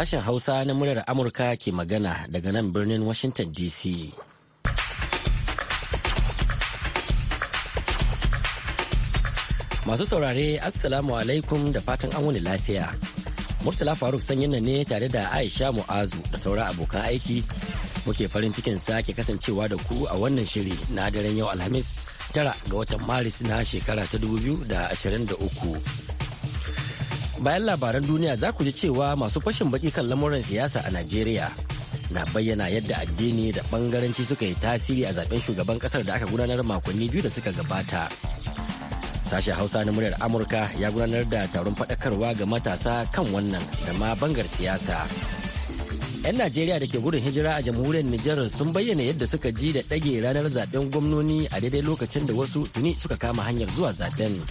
Sashen Hausa na murar Amurka ke magana daga nan birnin Washington DC. Masu saurare Assalamu alaikum da fatan an wani lafiya. Murtala Faruk sanyin ne tare da Aisha Mu'azu da sauran abokan aiki muke farin cikin sake kasancewa da ku a wannan shiri na daren yau Alhamis tara ga watan Maris na shekara ta 2023. bayan labaran duniya za ku ji cewa masu fashin baki kan lamuran siyasa a najeriya na bayyana yadda addini da bangaranci suka yi tasiri a zaben shugaban kasar da aka gudanar makonni biyu da suka gabata sashen hausa na muryar amurka ya gudanar da taron faɗakarwa ga matasa kan wannan da ma bangar siyasa 'yan najeriya da ke gudun hijira a jamhuriyar nijar sun bayyana yadda suka ji da ɗage ranar zaben gwamnoni a daidai lokacin da wasu tuni suka kama hanyar zuwa zaben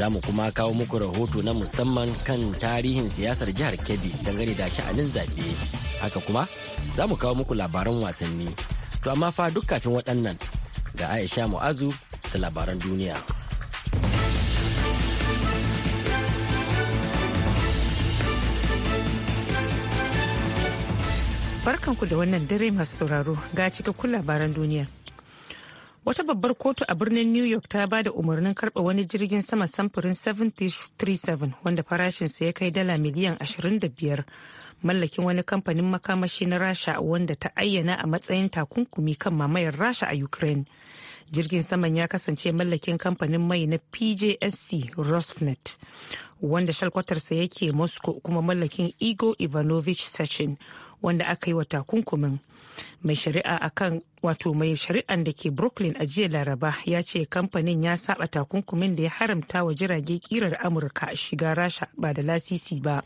za mu kuma kawo muku rahoto na musamman kan tarihin siyasar jihar kebbi dangane da sha'anin zaɓe haka kuma za mu kawo muku labaran wasanni to amma fa duk kafin waɗannan ga aisha mu'azu da labaran duniya barkanku da wannan dare masu sauraro ga cikakkun labaran duniya wata babbar kotu a birnin new york ta ba da umarnin karɓa wani jirgin sama samfurin 737 wanda farashinsa ya kai dala miliyan 25 mallakin wani kamfanin makamashi na rasha wanda ta ayyana a matsayin takunkumi kan mamayar rasha a ukraine jirgin saman ya kasance mallakin kamfanin mai na pjsc rosneft wanda shalkwatarsa yake moscow kuma mallakin igo ivanovich sachin wanda aka yi wa takunkumin mai shari'a akan wato mai shari'an da ke brooklyn a jiya laraba ya ce kamfanin ya saba takunkumin da ya haramta wa jirage kirar amurka shiga rasha ba da lasisi ba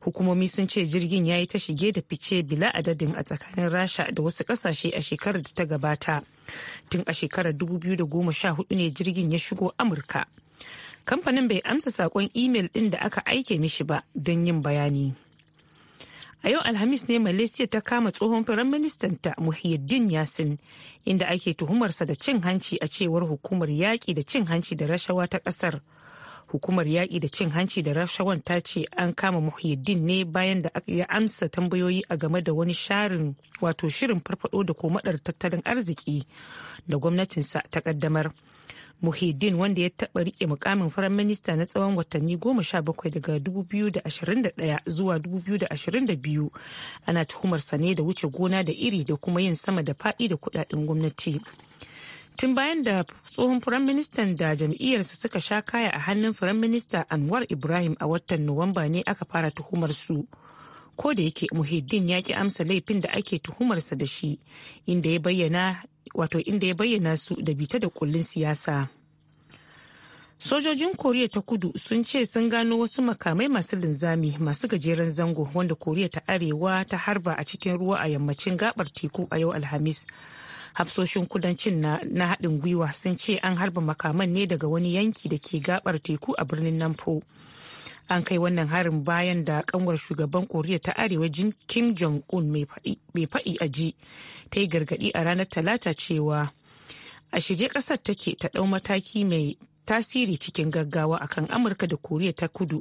hukumomi sun ce jirgin ya yi ta shige da fice bila adadin a tsakanin rasha da wasu kasashe a shekarar da ta gabata tun a shekarar 2014 ne jirgin ya shigo amurka kamfanin bai amsa saƙon imel ɗin da aka aike mishi ba don yin bayani a yau alhamis ne malaysia ta kama tsohon Firaministan ta muhyiddin yasin inda ake tuhumarsa da cin hanci a cewar hukumar yaƙi da cin hanci da rashawa ta ƙasar hukumar yaƙi da cin hanci da rashawan ta ce an kama muhyiddin ne bayan da ya amsa tambayoyi a game da wani sharin wato shirin farfado da ko maɗar tattalin arziki da gwamnatinsa ta ƙaddamar muhyiddin wanda ya taɓa riƙe mukamin firayim minista na tsawon watanni goma sha bakwai daga 2021 zuwa 2022 ana tuhumarsa ne da wuce gona da iri da kuma yin sama da faɗi da kudaden gwamnati. tun bayan da tsohon firaministan da jam'iyyarsa suka sha kaya a hannun firaminista anwar ibrahim a watan nuwamba ne aka fara tuhumar su ko da yake muhiddin ya ki amsa laifin da ake tuhumarsa da shi inda ya bayyana wato inda ya bayyana su da bita da kullun siyasa sojojin koriya ta kudu sun ce sun gano wasu makamai masu linzami masu gajeren zango wanda koriya ta arewa ta harba a cikin ruwa a yammacin gabar teku a yau alhamis hafsoshin kudancin na haɗin gwiwa sun ce an harba makaman ne daga wani yanki da ke gabar teku a birnin nampo an kai wannan harin bayan da kanwar shugaban koriya ta arewa kim jong-un mai faɗi a ji ta yi gargaɗi a ranar talata cewa a shirye ƙasar take ta ɗau mataki mai tasiri cikin gaggawa akan amurka da koriya ta kudu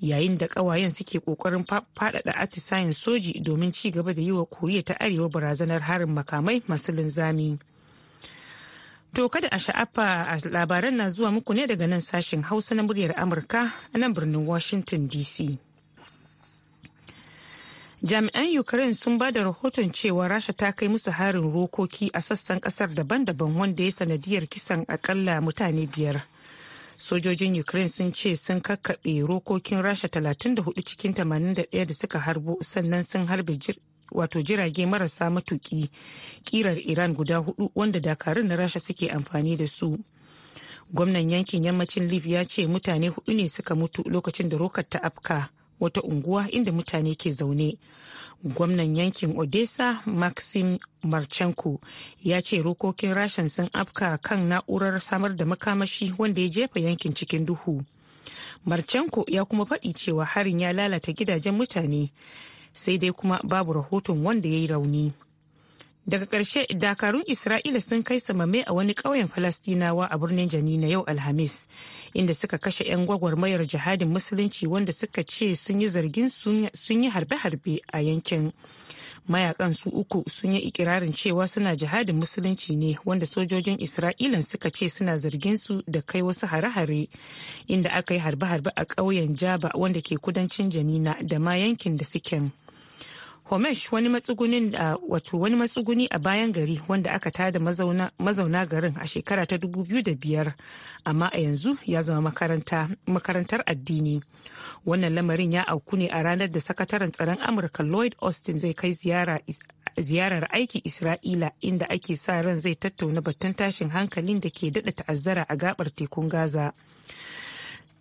yayin da kawayen suke kokarin faɗaɗa atisayen soji domin ci gaba da yi wa koriya ta arewa barazanar harin makamai masu linzami to kada a sha'afa a labaran na zuwa muku ne daga nan sashen hausa na muryar amurka a nan birnin washington dc jami'an ukraine sun ba da rahoton cewa rasha ta kai musu harin rokoki a sassan kasar daban-daban wanda ya sanadiyar kisan akalla mutane biyar sojojin ukraine sun ce sun kakkaɓe rokokin rasha 34 cikin 81 da suka harbo sannan sun harbe wato jirage marasa matuki kirar iran guda hudu wanda dakarun na rasha suke amfani da su gwamnan yankin yammacin liv ya ce mutane hudu ne suka mutu lokacin da rokar ta afka wata unguwa inda mutane ke zaune gwamnan yankin odessa maxim marchenko ya ce rokokin rashin sun afka kan na'urar samar da makamashi wanda ya jefa yankin cikin duhu marchenko ya kuma faɗi cewa harin ya lalata gidajen mutane sai dai kuma babu rahoton wanda ya yi rauni daga ƙarshe dakarun isra'ila sun kai samame a wani ƙauyen falastinawa a birnin janina yau alhamis inda suka kashe 'yan gwagwarmayar jihadin musulunci wanda suka ce sun yi zargin sun yi harbe-harbe a yankin mayakan su uku sun yi ikirarin cewa suna jihadin musulunci ne wanda sojojin isra'ila suka ce suna zargin su da kai wasu hare-hare inda aka yi harbe-harbe a ƙauyen jaba wanda ke kudancin janina da ma yankin da suke. homesh wani matsugunin da wato wani matsuguni a bayan gari wanda aka tada mazauna garin a shekara ta biyar amma a yanzu ya zama makarantar addini wannan lamarin ya auku ne a ranar da sakataren tsaron amurka lloyd austin zai kai ziyarar aiki isra'ila inda ake sa ran zai tattauna batun tashin hankalin da ke daɗa ta'azzara a gabar tekun gaza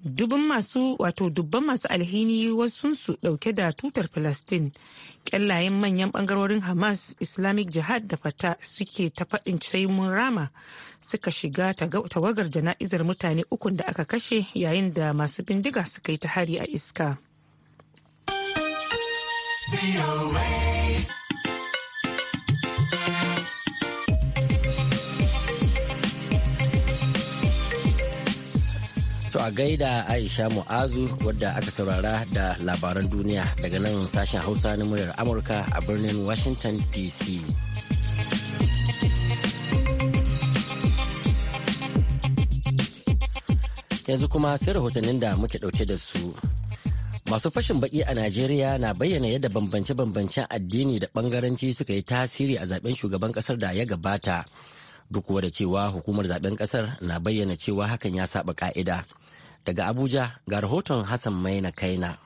dubban masu wato dubban masu alhini wasunsu dauke da tutar palestine kyallayen manyan bangarorin hamas islamic jihad da fata suke ta faɗin mun rama suka shiga tawagar jana'izar mutane ukun da aka kashe yayin da masu bindiga suka yi ta hari a iska. a gaida Aisha Mu'azu wadda aka saurara da labaran duniya daga nan sashen Hausa na muryar Amurka a birnin Washington DC. Yanzu kuma sai rahotannin da muke ɗauke da su. Masu fashin baki a Najeriya na bayyana yadda bambance-bambancen addini da bangaranci suka yi tasiri a zaben shugaban kasar da ya gabata. Duk da cewa hukumar zaben kasar na bayyana cewa hakan ya saba ka'ida. Daga Abuja ga rahoton Hassan Maina Kaina.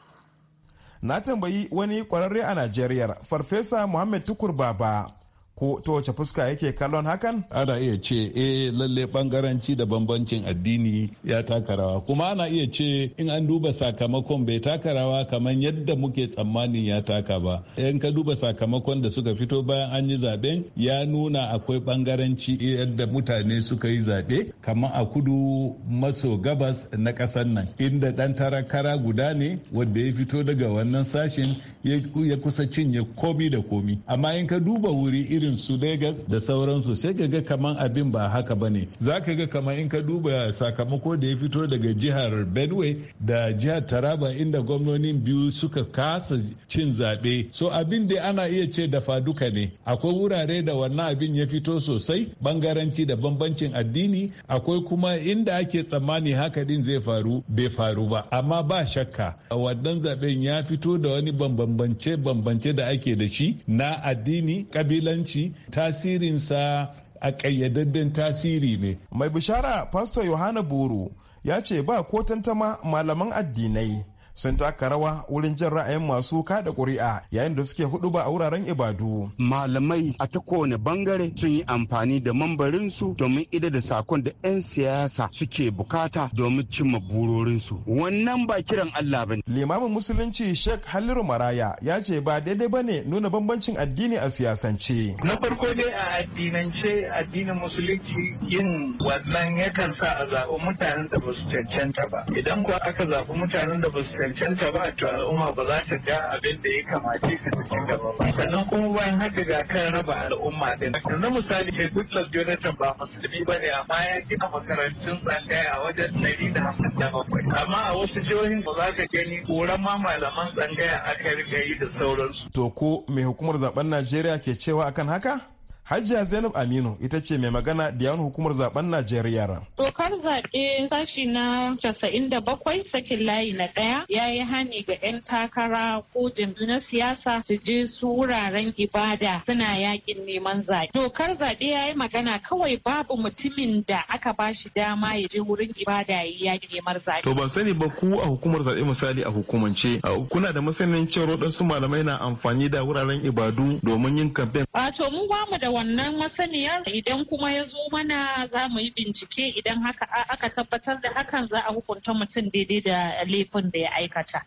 Na tambayi wani kwararre a Najeriya, Farfesa Muhammad Tukur Baba, ko ta wace fuska yake kallon hakan? Ana iya ce eh lalle bangaranci da bambancin addini ya taka rawa kuma ana iya ce in an duba sakamakon bai taka rawa kamar yadda muke tsammanin ya taka ba. In ka duba sakamakon da suka fito bayan an yi zaben ya nuna akwai bangaranci yadda mutane suka yi zaɓe kamar a kudu maso gabas na ƙasar nan inda ɗan tarakara guda ne wanda ya fito daga wannan sashen ya kusa cinye komi da komi amma in ka duba wuri iri irin su Legas da sauransu sai ka ga kaman abin ba haka bane za ka ga kaman in ka duba sakamako da ya fito daga jihar Benue da jihar Taraba inda gwamnonin biyu suka kasa cin zaɓe so abin da ana iya ce da faduka ne akwai wurare da wannan abin ya fito sosai bangaranci da bambancin addini akwai kuma inda ake tsammani haka din zai faru bai faru ba amma ba shakka wannan zaɓen ya fito da wani bambance bambance da ake da shi na addini kabilanci shi tasirinsa a ƙayyadadden tasiri ne. Mai bishara Pastor Yohana Buru ya ce ba ko tantama malaman addinai sun taka rawa wurin jin ra'ayin masu kada ƙuri'a yayin da suke hudu ba a wuraren ibadu. Malamai a ta kowane bangare sun yi amfani da mambarinsu domin ida da sakon da 'yan siyasa suke bukata domin cimma burorinsu. Wannan ba kiran Allah ba Limamin Musulunci Sheikh Haliru Maraya ya ce ba daidai ba ne nuna bambancin addini a siyasance. Na farko dai a addinance addinin Musulunci yin wannan yakan sa a zaɓi mutanen da ba su cancanta ba. Idan kuwa aka zaɓi mutanen da ba su cancanta ba to al'umma ba za ta ja abin da ya kamace ta ci gaba ba sannan kuma bayan haka ga kan raba al'umma din Na misali ke Goodluck Jonathan ba musulmi ba ne amma ya a makarantun tsangaya wajen ɗari da hamsin da bakwai amma a wasu jihohin ba za ka gani koran ma malaman tsangaya aka riga da sauransu. To ko mai hukumar zaben Najeriya ke cewa akan haka? Hajiya Zainab Aminu ita ce mai magana da yawan hukumar zaben Najeriya. Dokar zaɓe sashi na casa'in da bakwai sakin layi na ɗaya ya yi hani ga 'yan takara ko jimbi na siyasa su je su wuraren ibada suna yakin neman zaɓe. Dokar zaɓe ya yi magana kawai babu mutumin da aka ba shi dama ya je wurin ibada ya yi neman zaɓe. To ban sani ba ku a hukumar zaɓe misali a hukumance kuna da masanin cewar waɗansu malamai na amfani da wuraren ibadu domin yin kamfen. Wato mu ba mu da wannan masaniyar idan kuma ya zo mana za mu yi bincike idan haka aka tabbatar da hakan za a hukunta mutum daidai da laifin da ya aikata.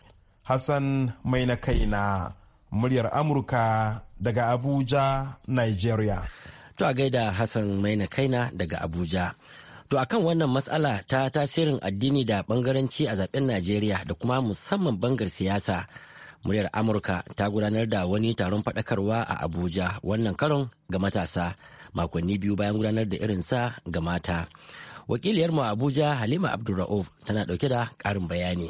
Hassan mai na kaina muryar Amurka daga Abuja, Nigeria. To a gaida Hassan mai na kaina daga Abuja. To a kan wannan matsala ta tasirin addini da bangaranci a zaben Najeriya da kuma musamman bangar siyasa muryar amurka ta gudanar da wani taron fadakarwa a abuja wannan karon ga matasa makonni biyu bayan gudanar da irinsa ga mata wakiliyarmu a abuja halima abdulra'uf tana ɗauke da ƙarin bayani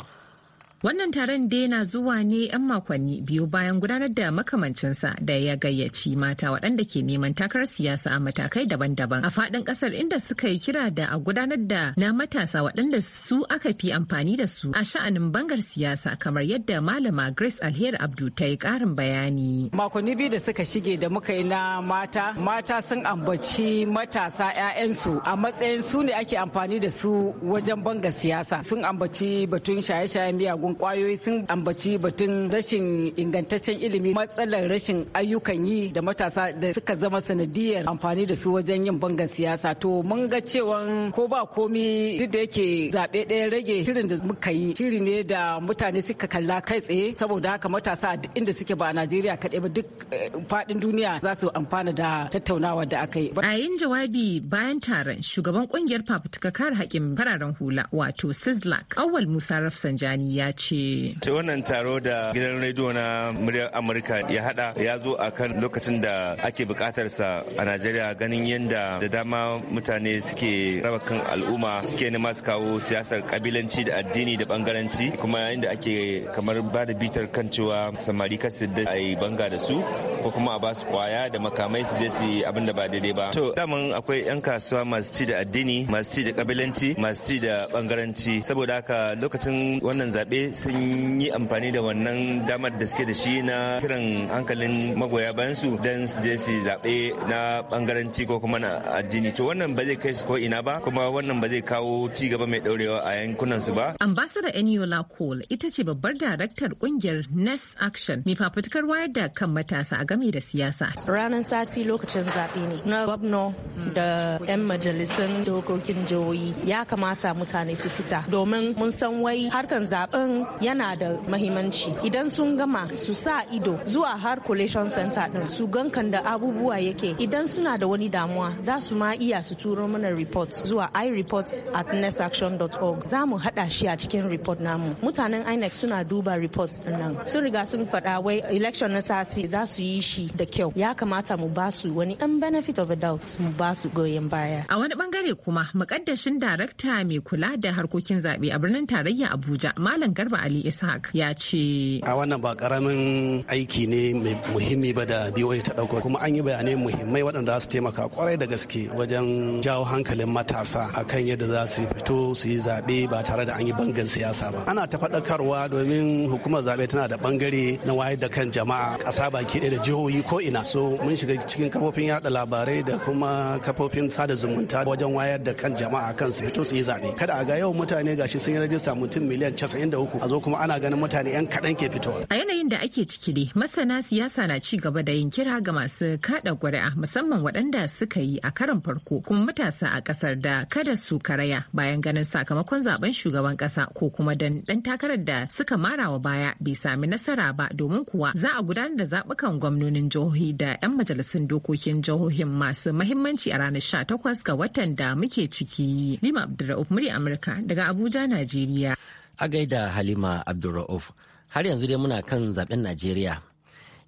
Wannan taron dai na zuwa ne 'yan makonni biyu bayan gudanar da makamancinsa da ya gayyaci mata waɗanda ke neman takarar siyasa a matakai daban-daban a faɗin ƙasar inda suka yi kira da a gudanar da na matasa waɗanda su aka fi amfani da su a sha'anin bangar siyasa kamar yadda malama Grace Alheri Abdu ta yi ƙarin bayani. Makonni biyu da suka shige da muka yi na mata, mata sun ambaci matasa 'ya'yansu a matsayin su ne ake amfani da su wajen bangar siyasa. Sun ambaci batun shaye-shayen miyagun sababbin kwayoyi sun ambaci batun rashin ingantaccen ilimi matsalar rashin ayyukan yi da matasa da suka zama sanadiyar amfani da su wajen yin bangan siyasa to mun ga cewa ko ba komi duk da yake zaɓe ɗaya rage shirin da muka yi shiri ne da mutane suka kalla kai tsaye saboda haka matasa duk inda suke ba a Najeriya kaɗai ba duk eh, faɗin duniya za su amfana da tattaunawa da aka yi. A yin jawabi bayan taron shugaban kungiyar fafutukar kare haƙƙin fararen hula wato Sislak Awal Musa Rafsanjani ya ce. Ta wannan taro da gidan rediyo na muryar Amurka ya hada ya zo a kan lokacin da ake bukatarsa a Najeriya ganin yadda da dama mutane suke raba kan al'umma suke nema su kawo siyasar kabilanci da addini da bangaranci kuma yayin da ake kamar ba da bitar kan cewa samari kasu a yi banga da su ko kuma a ba su kwaya da makamai su je su yi abin da ba daidai ba to daman akwai yan kasuwa masu ci da addini masu ci da kabilanci masu ci da bangaranci saboda haka lokacin wannan zaɓe sun yi amfani da wannan damar da suke da shi na kiran hankalin magoya bayan su don su je su zaɓe na bangaranci ko kuma na addini to wannan ba zai kai su ko ina ba kuma wannan ba zai kawo ci gaba mai ɗaurewa a yankunan su ba ambassador eniola cole ita ce babbar daraktar kungiyar nest action mai fafutukar wayar da kan matasa a game da siyasa. Ranar sati lokacin zaɓe ne na gwamna da 'yan majalisun dokokin jihohi ya kamata mutane su fita domin mun san wai harkan zaben yana da mahimmanci idan sun gama su sa ido zuwa har collation center din su gankan da abubuwa yake idan suna da wani damuwa za su ma iya su turo mana report zuwa ireport at nextaction.org za mu haɗa shi a cikin report namu mutanen inec suna duba report din nan sun riga sun faɗa wai election na sati za su yi shi da kyau ya kamata mu ba su wani ɗan benefit of a doubt mu ba su goyon baya. A wani bangare kuma mukaddashin darakta mai kula da harkokin zaɓe a birnin tarayya Abuja Malam Garba Ali Ishaq ya ce. A wannan ba karamin aiki ne mai muhimmi ba da BOA ta ɗauko kuma an yi bayanai muhimmai waɗanda za su taimaka kwarai da gaske wajen jawo hankalin matasa akan yadda za su fito su yi zaɓe ba tare da an yi bangan siyasa ba. Ana ta faɗakarwa domin hukumar zaɓe tana da bangare na wayar da kan jama'a ƙasa baki ɗaya da jihohi ko ina so mun shiga cikin kafofin yada labarai da kuma kafofin sada zumunta wajen wayar da kan jama'a kan su fito su yi zaɓe kada a ga yau mutane gashi sun yi rajista mutum miliyan 93 a zo kuma ana ganin mutane yan kaɗan ke fito. a yanayin da ake ciki ne masana siyasa na ci gaba da yin kira ga masu kada ƙuri'a musamman waɗanda suka yi a karon farko kuma matasa a ƙasar da kada su karaya bayan ganin sakamakon zaben shugaban ƙasa ko kuma dan takarar da suka mara wa baya bai sami nasara ba domin kuwa za a gudanar da zaɓukan gwamnati gwamnonin jihohi da 'yan majalisun dokokin jihohin masu mahimmanci a ranar 18 ga watan da muke ciki. Lima Abdulra'uf murya Amurka daga Abuja, Najeriya. A gaida Halima Abdulra'uf. Har yanzu dai muna kan zaben Najeriya.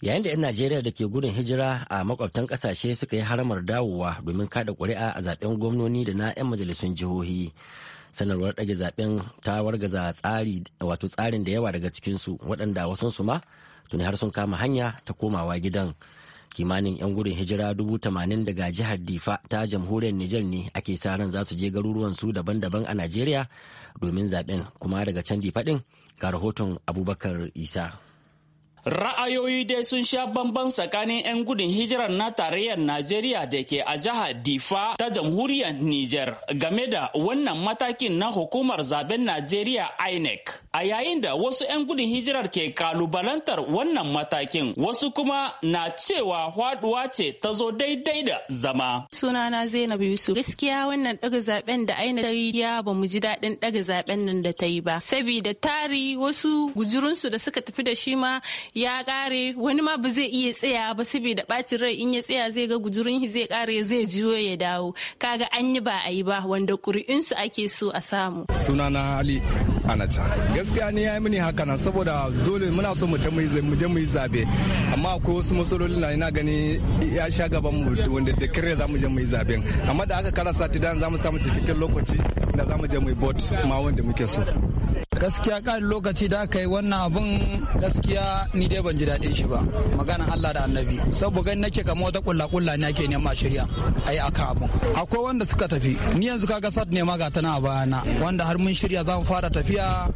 Yayin da 'yan Najeriya da ke gudun hijira a makwabtan kasashe suka yi haramar dawowa domin kada ƙuri'a a zaben gwamnoni da na 'yan majalisun jihohi. sanarwar ɗage zaben ta wargaza tsari wato tsarin da yawa daga cikinsu waɗanda wasansu ma tuni har sun kama hanya ta komawa gidan kimanin 'yan gudun hijira dubu tamanin daga jihar difa ta jamhuriyar nijar ne ake sa ran za su je garuruwan su daban-daban a najeriya domin zaben kuma daga can difa din ga rahoton abubakar isa Ra'ayoyi dai sun sha bamban tsakanin 'yan gudun hijirar na tarayyar Najeriya da ke a jihar Difa ta jamhuriyar Nijar game da wannan matakin na hukumar zaben Najeriya INEC. A yayin da wasu 'yan gudun hijirar ke kalubalantar wannan matakin wasu kuma na cewa haduwa ce ta zo daidai da zama. Sunana Zainab Yusuf. Gaskiya wannan daga zaben da INEC ta ya ba mu ji daɗin daga zaben nan da ta yi ba. Sabida tari wasu gujurunsu da suka tafi da shi ma ya kare wani ma ba zai iya tsaya ba saboda bacin rai in ya tsaya zai ga guzurin zai kare zai jiyo ya dawo kaga an yi ba a yi ba wanda ƙuri'insu ake so a samu sunana ali anacha gaskiya ni ya yi mini haka nan saboda dole muna so mu je mu yi zabe amma akwai wasu matsaloli na ina gani ya sha gaban mu wanda da kare za mu je mu yi zaben amma da aka karasa tidan za mu samu cikakken lokaci da za mu je mu yi bot ma wanda muke so gaskiya ƙarin lokaci da aka yi wannan abun gaskiya ni dai ban ji daɗin shi ba maganar Allah da annabi saboda gani nake kamar wata kulla kulla ne ake nema shirya a yi akan abun akwai wanda suka tafi ni yanzu kaga sad ne ma ga tana a bayana wanda har mun shirya za mu fara tafiya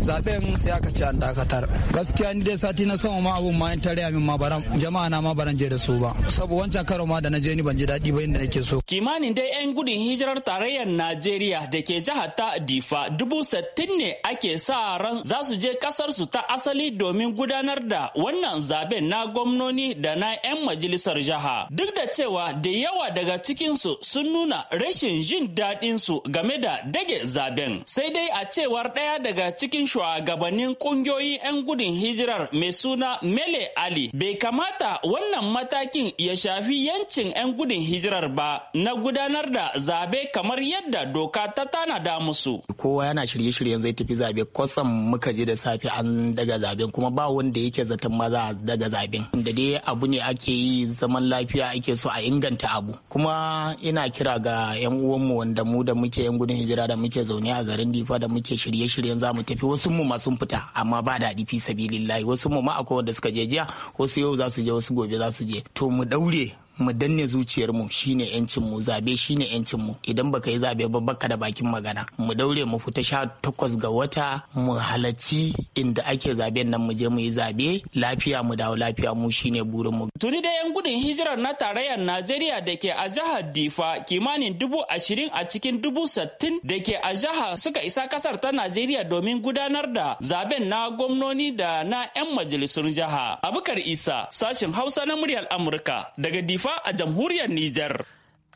zaben sai aka ci an dakatar gaskiya ni dai sati na sama ma abun ma in tare min ma baran jama'a na ma baran je da su ba saboda wancan karo ma da na je ni ban ji daɗi ba inda nake so kimanin dai yan gudun hijirar tarayyar Najeriya da ke jihar ta Difa dubu sittin ne ake sa ran za su je kasar su ta asali domin gudanar da wannan zaben na gwamnoni da na yan majalisar jiha duk da cewa da yawa daga cikin su sun nuna rashin jin daɗin su game da dage zaben sai dai a cewar daya daga cikin shugabannin kungiyoyin 'yan gudun hijirar mai suna Mele Ali bai kamata wannan matakin ya shafi yancin 'yan gudun hijirar ba na gudanar da zabe kamar yadda doka ta tanada musu. Kowa yana shirye-shiryen zai tafi zabe kwasan muka je da safe an daga zaben kuma ba wanda yake zaton ma za a daga zaben. Da dai abu ne ake yi zaman lafiya ake so a inganta abu. Kuma ina kira ga 'yan uwanmu wanda mu da muke 'yan gudun hijira da muke zaune a garin Difa da muke shirye-shiryen za mu tafi wasu wasu mu ma sun fita amma ba daɗi fi sabilillahi wasu mu ma akwai wanda suka je jiya wasu yau za su je wasu gobe za su je to mu daure mu danne zuciyar mu shine yancin mu zabe shine yancin mu idan baka yi zabe ba baka da bakin magana mu daure mu fita sha takwas ga wata mu halarci inda ake zaben nan mu je mu yi zabe lafiya mu dawo lafiya mu shine burin mu tuni da yan gudun hijirar na tarayyar Najeriya da ke a jihar Difa kimanin dubu ashirin a cikin dubu sattin da ke a jihar suka isa kasar ta Najeriya domin gudanar da zaben na gwamnoni da na 'yan majalisun jiha. Abubakar Isa sashin Hausa na muryar Amurka daga Difa a jamhuriyar Nijar.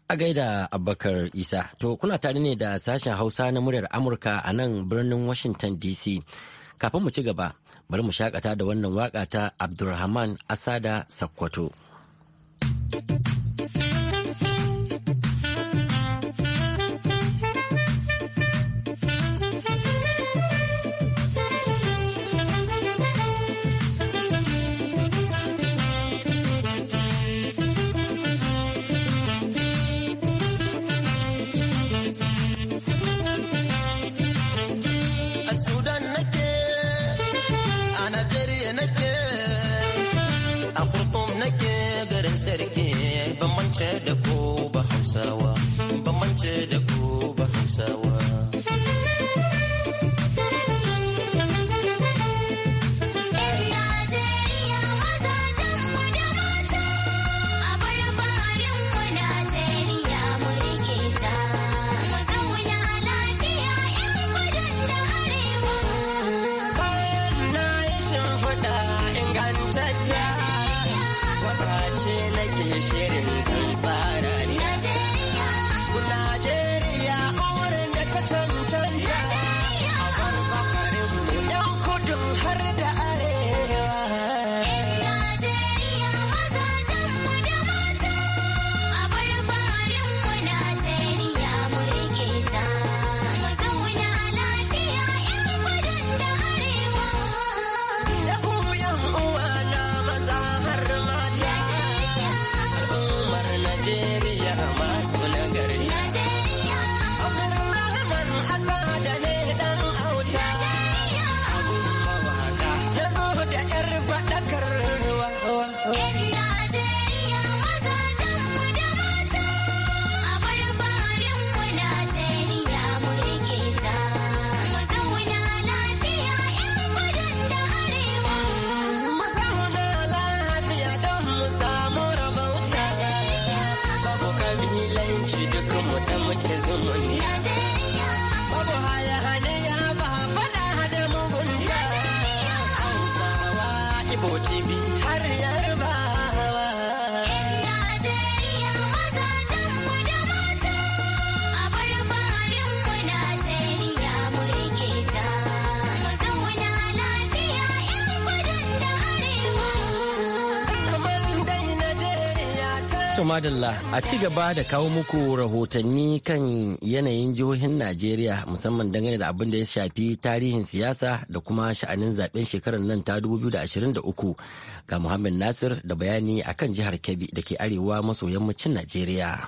A gaida Abubakar Isa, to kuna tare ne da sashen Hausa na muryar Amurka a nan birnin Washington DC. Kafin mu ci gaba, bari mu shakata da wannan waƙa ta Abdulrahman Asada Sakkwato. sawa bambance da To madalla a ci gaba da kawo muku rahotanni kan yanayin jihohin Najeriya musamman dangane da abin da ya shafi tarihin siyasa da kuma sha'anin zaben shekarar nan ta 2023 ga Muhammad Nasir da bayani akan jihar Kebbi da ke arewa maso yammacin Najeriya.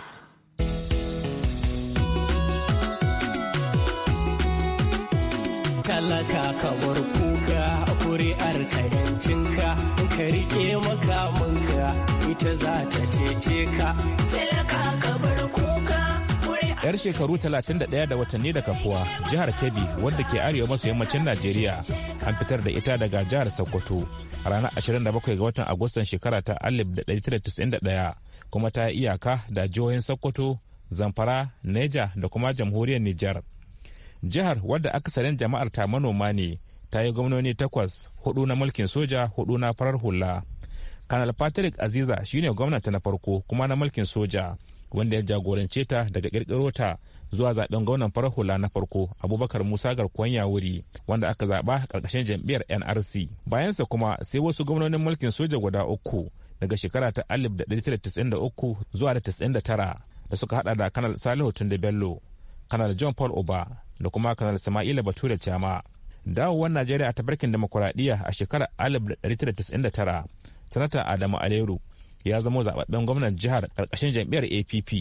Kalaka kamar kuka kuri'ar ka cinka ka rike makamanka ita za ta cece ka. Yar shekaru 31 da watanni da kafuwa jihar Kebbi wadda ke arewa maso yammacin Najeriya an fitar da ita daga jihar Sokoto ranar 27 ga watan Agustan shekara ta 1991 kuma ta yi iyaka da jihohin Sokoto, Zamfara, Neja da kuma jamhuriyar Nijar. Jihar wadda akasarin jama'ar ta manoma ne ta yi gwamnoni takwas hudu na mulkin soja hudu na farar hula. kanal patrick aziza shine gwamnati na farko kuma na mulkin soja wanda ya jagorance ta daga kirkiro ta zuwa zaben gwamnan farar na farko abubakar musa garkuwan wuri wanda aka zaba karkashin jam'iyyar nrc bayansa kuma sai wasu gwamnonin mulkin soja guda uku daga shekara ta 1993 zuwa da 99 da suka hada da kanal salihu tunde bello kanal john paul oba da kuma kanal sama'ila bature chama dawowar najeriya a tabarkin demokuraɗiyya a shekarar 1999 sanata adamu alero ya zama zababben gwamnan jihar karkashin jam'iyyar app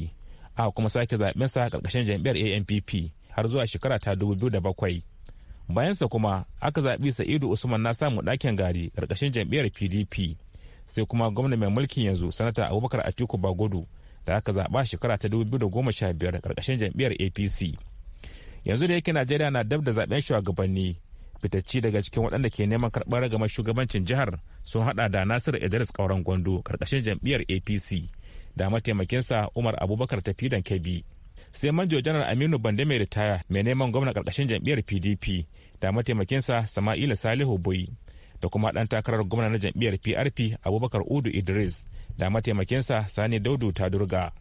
aka kuma sake sa karkashin jam'iyyar anpp har zuwa shekara ta bakwai bayansa kuma aka zaɓi sa'idu usman na samu ɗakin gari karkashin jam'iyyar pdp sai kuma gwamna mai mulkin yanzu sanata abubakar atiku bagudu da aka zaɓa shekara ta biyar karkashin jam'iyyar apc yanzu da yake najeriya na dab da zaɓen shugabanni fitacci daga cikin waɗanda ke neman karɓar ragamar shugabancin jihar sun haɗa da nasiru idris ƙauren gwando karkashin jam'iyyar apc da mataimakinsa umar abubakar tafidan kebi sai manjo janar aminu bande mai ritaya mai neman gwamna karkashin jam'iyyar pdp da mataimakinsa sama'ila salihu boyi da kuma ɗan takarar gwamna na jam'iyyar prp abubakar udu idris da mataimakinsa sani daudu tadurga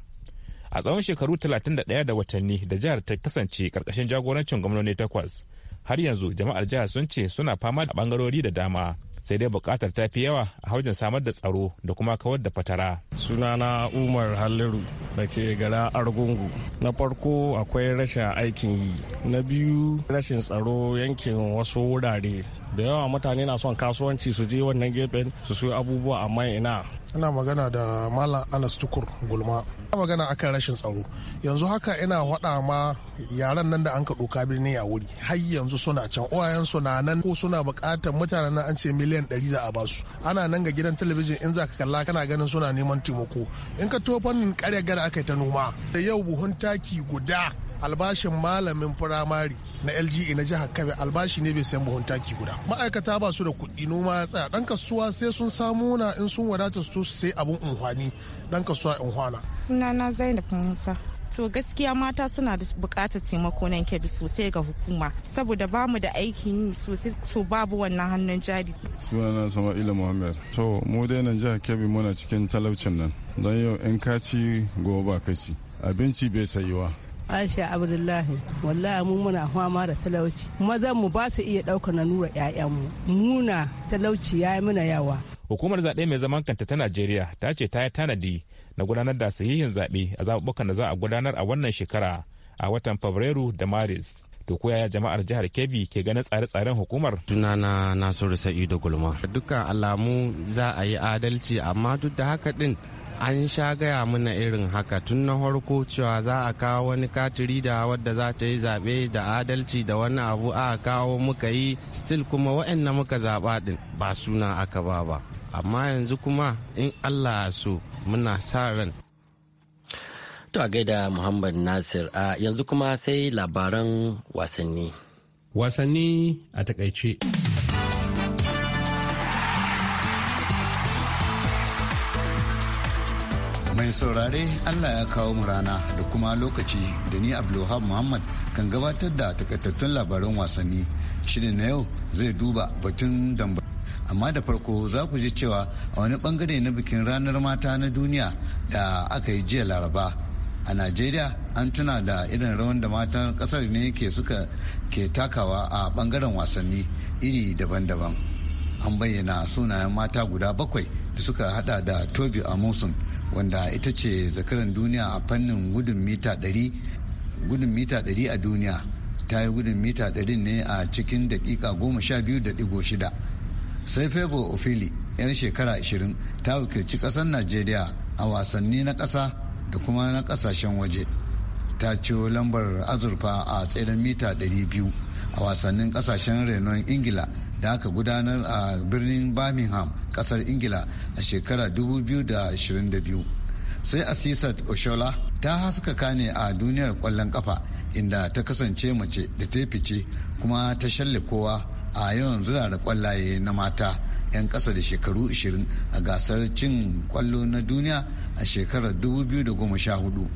a tsawon shekaru 31 da watanni da jihar ta kasance karkashin jagorancin gwamnoni takwas har yanzu jama'ar jihar sun ce suna fama da bangarori da dama sai dai bukatar ta fi yawa a haujin samar da tsaro da kuma kawar da fatara. sunana umar halliru da ke gara argungu na farko akwai rashin aikin yi na biyu rashin tsaro yankin wasu wurare da yawa mutane na son kasuwanci su je wannan gefen su su abubuwa amma ina ina magana da malam anas tukur gulma ina magana akan rashin tsaro yanzu haka ina faɗa ma yaran nan da an ka doka birni a wuri har yanzu suna can su na nan ko suna buƙatar mutanen nan an ce miliyan ɗari za a basu ana nan ga gidan talabijin in za ka kalla kana ganin suna neman taimako in ka tofan ƙarya gara aka yi ta noma da yau buhun taki guda albashin malamin firamare na LGA na jihar Kabe albashi ne bai sayan buhun taki guda. Ma'aikata ba su da kuɗi noma ya tsaya ɗan kasuwa sai sun samu na in sun wadata su sai abun unhwani ɗan kasuwa unhwana. Sunana Zainab Musa. to gaskiya mata suna da bukatar taimako nan kebe sosai ga hukuma saboda ba mu da aikin yi sosai to babu wannan hannun jari sunana sama'ila muhammed to mu dai nan jihar kebe muna cikin talaucin nan don yau in kaci gobe ba kaci abinci bai sayuwa Aisha Abdullahi wallahi mu muna fama da talauci mazan mu ba su iya ɗaukar na nura mu. muna talauci ya yi mana yawa. Hukumar zaɓe mai zaman kanta ta Najeriya ta ce ta yi tanadi na gudanar da sahihin zaɓe a zaɓuɓɓukan da za a gudanar a wannan shekara a watan Fabrairu da Maris. to ko yaya jama'ar jihar kebbi ke ganin tsare-tsaren hukumar tunana nasiru sa'idu gulma dukkan alamu za a yi adalci amma duk da haka din an sha gaya mana irin haka tun na harko cewa za a kawo wani katiri da wadda za ta yi zaɓe da adalci da wani abu a kawo muka yi stil kuma waɗanda muka zaɓa ɗin ba suna aka ba ba amma yanzu kuma in allah so muna sa ran to a gaida muhammad nasir a yanzu kuma sai labaran wasanni wasanni a takaice mai saurare allah ya kawo mu rana da kuma lokaci da ni abdulhab muhammad kan gabatar da takaitattun labaran wasanni shirin na yau zai duba batun damba amma da farko za ku ji cewa a wani bangare na bikin ranar mata na duniya da aka yi jiya laraba a najeriya an tuna da irin rawan da matan kasar ne ke suka ke takawa a bangaren wasanni iri daban-daban an bayyana sunayen mata guda bakwai da suka hada da tobi a amusun wanda ita ce zakaran duniya a fannin gudun mita 100 gudun mita 100 a duniya ta yi gudun mita 100 ne a cikin dakika 12.6 sai febo ofili yar shekara 20 ta wakilci kasar najeriya a wasanni na kasa da kuma na kasashen waje ta ciyo lambar azurfa a tseren mita 200 a wasannin kasashen renon ingila da aka gudanar a birnin birmingham kasar ingila a shekara 2022 sai asisat oshola ta haskaka ne a duniyar kwallon kafa inda ta kasance mace da ta fice kuma ta shalle kowa a yawan da kwallaye na mata 'yan kasa da shekaru 20 a gasar cin kwallo na duniya a shekarar 2014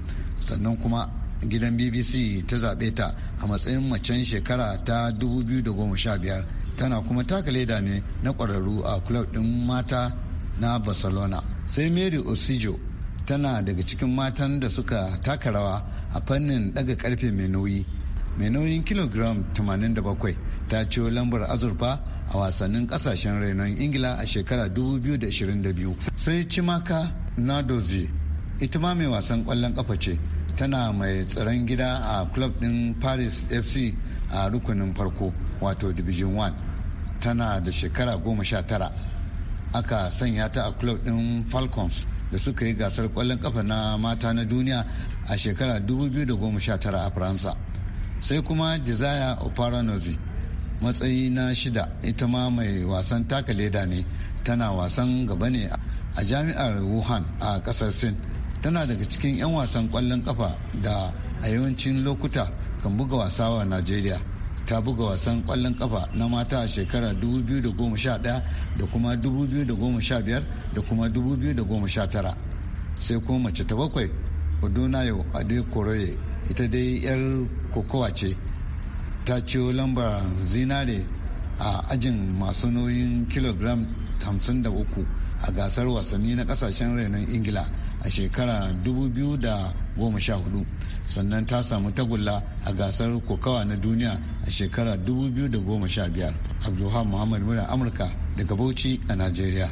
sannan kuma gidan bbc ta zaɓe ta a matsayin macen shekara ta 2015 tana kuma taka leda ne na ƙwararru a club ɗin mata na barcelona sai mary osijo tana daga cikin matan da suka taka rawa a fannin daga karfe mai nauyi mai nauyin kilogram 87 ta ciyo lambar azurfa a wasannin kasashen renon ingila a shekara 2022 sai cimaka nadozi ita ma mai wasan kwallon kafa ce tana mai tsaron gida a club din paris fc a rukunin farko wato division 1 tana da shekara goma sha tara aka sanya ta a club din falcons da suka yi gasar kwallon kafa na mata na duniya a shekara 2019 a faransa sai kuma jizaya oparanozi matsayi na shida ita ma mai wasan taka leda ne tana wasan gaba ne a jami'ar wuhan a kasar sin tana daga cikin 'yan wasan kwallon kafa da a yawancin lokuta kan buga wasa wa najeriya ta buga wasan kwallon kafa na mata a shekara 2011 da kuma 2015 da kuma 2019 sai kuma mace ta bakwai odunayo adekoroye ita dai yar kokowa ce ta ciyo lambar zinare a ajin masu nauyin kilogram 53 a gasar wasanni na kasashen renon ingila a shekara 2014 sannan ta samu tagulla a gasar kokawa na duniya a shekara 2015 abdulhan muhammad muna amurka daga bauchi a nigeria.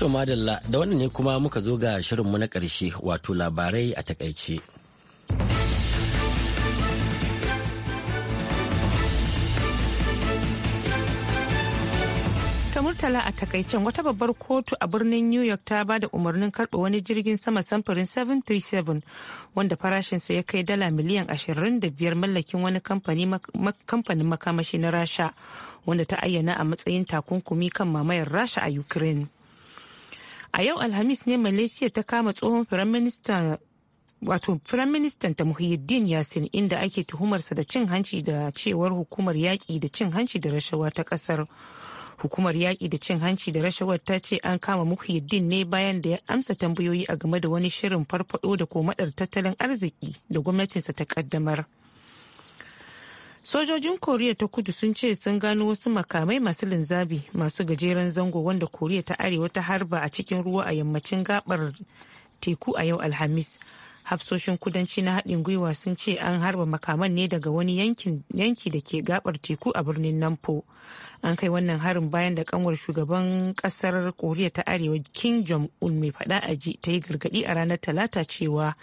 To madalla da wannan ne kuma muka zo ga shirinmu na ƙarshe wato labarai a takaice. Murtala a takaicen wata babbar kotu a birnin New York ta bada umarnin karɓe wani jirgin sama samfurin 737 wanda farashinsa ya kai dala miliyan 25 mallakin wani kamfanin makamashi na Rasha wanda ta ayyana a matsayin takunkumi kan mamayar Rasha a Ukraine. A yau Alhamis ne Malaysia ta kama tsohon wato firaministan ta muhyiddin yasin inda ake tuhumarsa da cin hanci da cewar hukumar yaƙi da cin hanci da rashawa ta ƙasar. Hukumar yaƙi da cin hanci da rashawar ta ce an kama Muhyiddin ne bayan da ya amsa tambayoyi a game da wani shirin farfado da komadar tattalin arziki da gwamnatinsa ta kaddamar. Sojojin Koriya ta kudu sun ce sun gano wasu makamai masu linzabi masu gajeren zango wanda Koriya ta arewa ta harba a cikin ruwa a yammacin gabar teku a yau Alhamis. hafsoshin kudanci na haɗin gwiwa sun ce an harba makaman ne daga wani yanki da ke gabar teku a birnin nampo an kai wannan harin bayan da kanwar shugaban kasar koriya ta arewa kim jong un mai faɗa ji ta yi gargaɗi a ranar talata cewa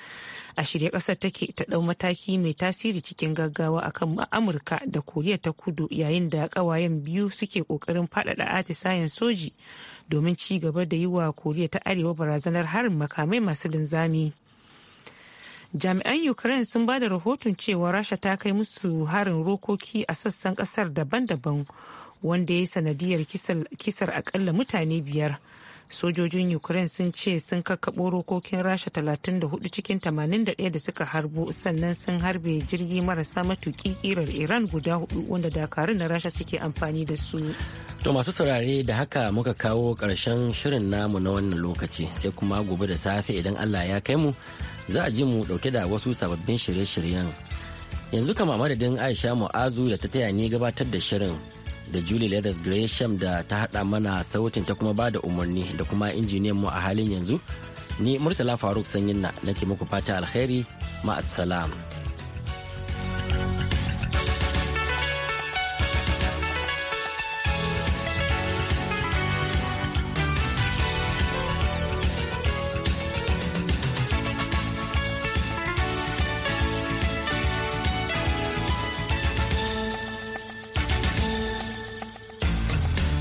a shirya ƙasar take ta ɗau mataki mai tasiri cikin gaggawa akan amurka da koriya ta kudu yayin da ƙawayen biyu suke ƙoƙarin faɗaɗa atisayen soji domin ci gaba da yi wa koriya ta arewa barazanar harin makamai masu linzami. jami'an ukraine sun ba da rahoton cewa rasha ta kai musu harin rokoki a sassan kasar daban-daban wanda ya yi sanadiyar kisar akalla mutane biyar sojojin ukraine sun ce sun kakkaɓo rokokin rasha 34 cikin 81 da suka harbo sannan sun harbe jirgi marasa matuƙi ƙirar iran guda hudu wanda dakarun na rasha suke amfani da su to masu saurare da haka muka kawo ƙarshen shirin namu na wannan lokaci sai kuma gobe da safe idan allah ya kai mu za a ji mu dauke da wasu sababbin shirye-shiryen yanzu kama madadin aisha mu'azu da ta taya ni gabatar da shirin da Julie Leathers Gresham da ta hada mana sautin ta kuma bada umarni da kuma injiniyan mu a halin yanzu. Ni Murtala Faruk Sanyin na nake muku fata alkhairi ma'assalam.